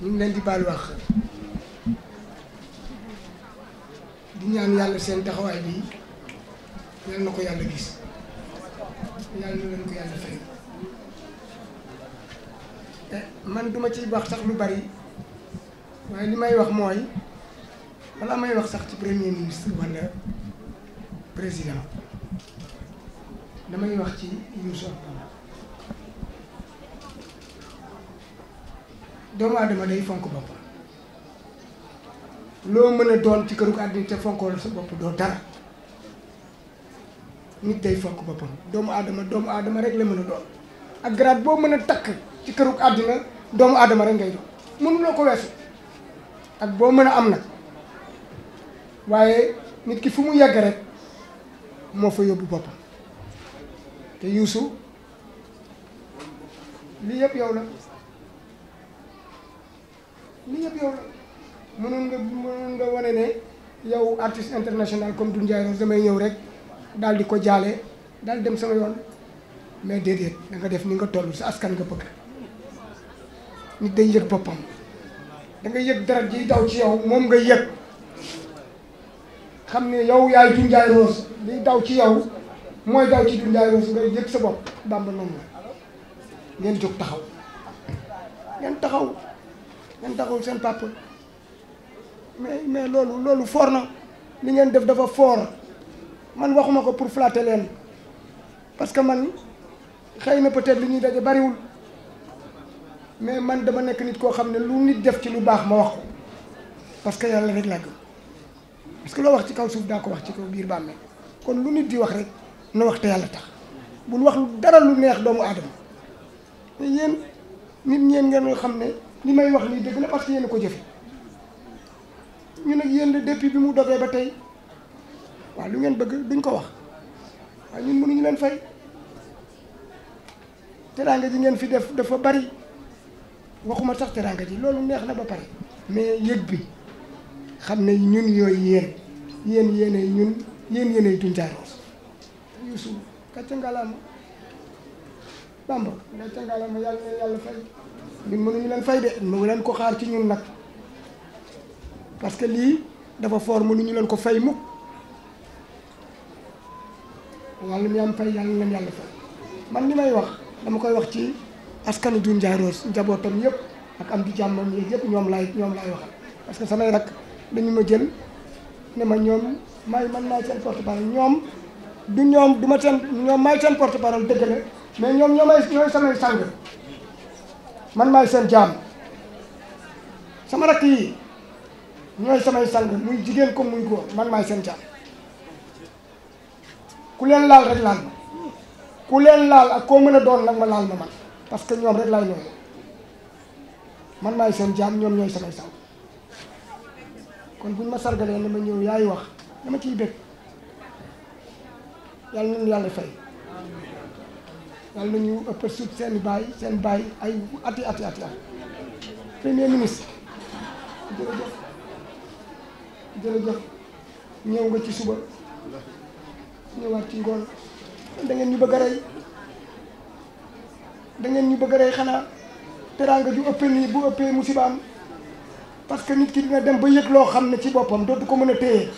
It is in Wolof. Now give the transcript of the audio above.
ñu leen di baal wax di ñaan yàlla seen taxawaay bi yal na ko yàlla gis yàlla na leen ko yàlla fay eh, man duma ciy wax sax lu bari waaye li may wax mooy balaa may wax sax ci premier ministre wala président damay wax ci Youssou Abdallah doomu aadama day fonk boppam loo mën a doon ci këru àddina ca fonkoo sa bopp doo dara nit day fonk boppam doomu aadama doomu aadama rek la mën a doon ak grade boo mën a takk ci këru àddina doomu aadama rek ngay doon mënuloo ko weesu ak boo mën a am nag waaye nit ki fu mu yàgg rek moo fa yóbbu boppam te yuusu lii yëpp yow la li yëpp yow la nga wane ne yow artiste international comme Doudou Ndiaye Rose damay ñëw rek daal di ko jaale daal dem sama yoon mais déedéet da nga def ni nga toll sa askan nga bëgg nit day yëg boppam da nga yëg dara jiy daw ci yow moom nga yëg xam ne yow yaay Doudou Ndiaye Rose liy daw ci yow mooy daw ci Doudou Ndiaye Rose nga yëg sa bopp Bamba noonu la ngeen jóg taxaw ngeen taxaw ngeen taxul seen papa mais mais loolu loolu foor na li ngeen def dafa foor man waxuma ko pour flatter leen parce que man xëy na peut-être li ñuy daje bariwul mais man dama nekk nit koo xam ne lu nit def ci lu baax ma wax ko parce que yàlla rek laa gëm parce que loo wax ci kaw suuf daa ko wax ci kaw biir bàmmeel kon lu nit di wax rek na wax te yàlla tax bul wax lu dara lu neex doomu aadama te yéen nit ñeen ngeen nga xam ne li may wax nii dëgg la parce que yéen ko jëfe ñu nag yéen la bi mu dogee ba tey waaw lu ngeen bëgg duñ ko wax waaye ñun mënuñu leen fay teraanga ji ngeen fi def dafa bari waxuma tax teraanga ji loolu neex na ba pare mais yëg bi xam ne ñun yooyu yéen yéen yéenay ñun yéen yéenay Toune Thiaroye Youssou kàcca ngalaama Bamba ndax ma yàlla na yàlla fay ñun mënuñu leen de mu ngi leen ko xaar ci ñun nag parce que lii dafa foor mënuñu leen ko fay mukk wàllu mi am fay yàlla leen yàlla fay man li may wax dama koy wax ci askanu Doudou Ndiaye Rose njabootam yëpp am di jàmmam yi yëpp ñoom laay ñoom que samay rak dañu ma jël ne ma ñoom may man maay seen porte parole ñoom du ñoom du ma seen ñoom maay seen porte parole dëgg mais ñoom ñoo may ñooy samay sang man maay seen jaam sama rakk yi ñooy samay sang muy jigéen comme muy góor man maay seen jaam ku leen laal rek laal ma ku leen laal ak koo mën a doon nag ma laal ma man parce que ñoom rek laay nooyu man maay seen jaam ñoom ñooy samay sang kon buñ ma sargalee ne ma ñëw yaay wax dama ciy bëgg yàlla nañu yàlla fay yàlla nañu ëpp suuf seen baay seen baay ay ati ati ati at premier ministre jërëjëf jërëjëf ñëw nga ci suba ñëwaat ci ngoon da ngeen ñu bëgg rey da ngeen ñu bëgg a rey xanaa teraanga ju ëppee nii bu ëppee musibaam parce que nit ki dina dem ba yëg loo xam ne ci boppam dootu ko mën a téye